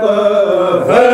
ko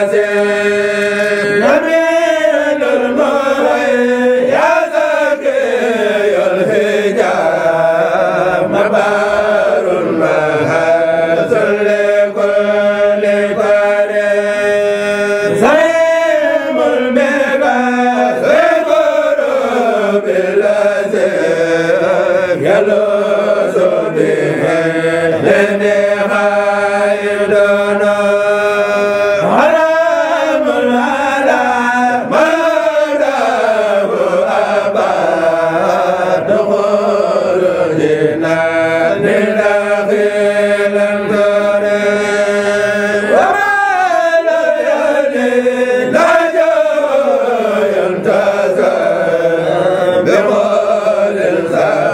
Azen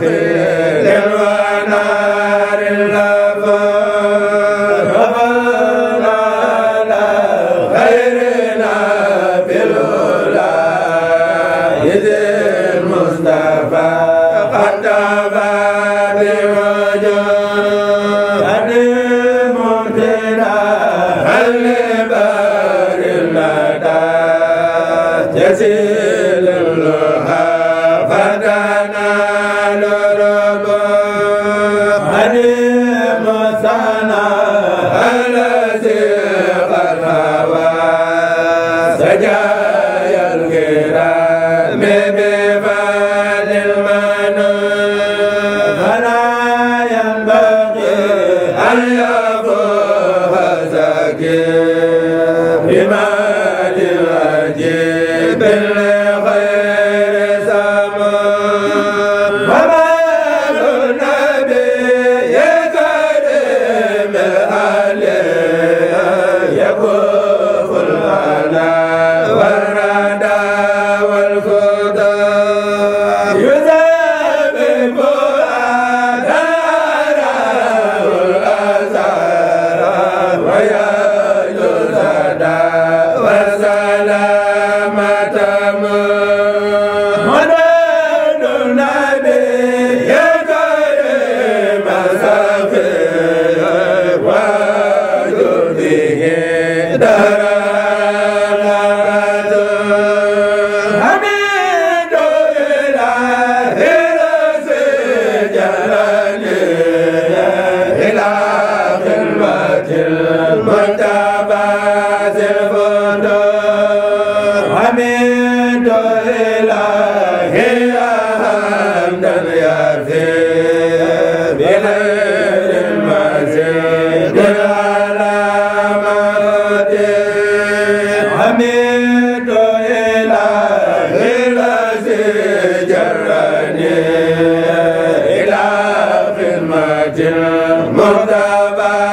Ave بما murtaba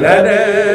la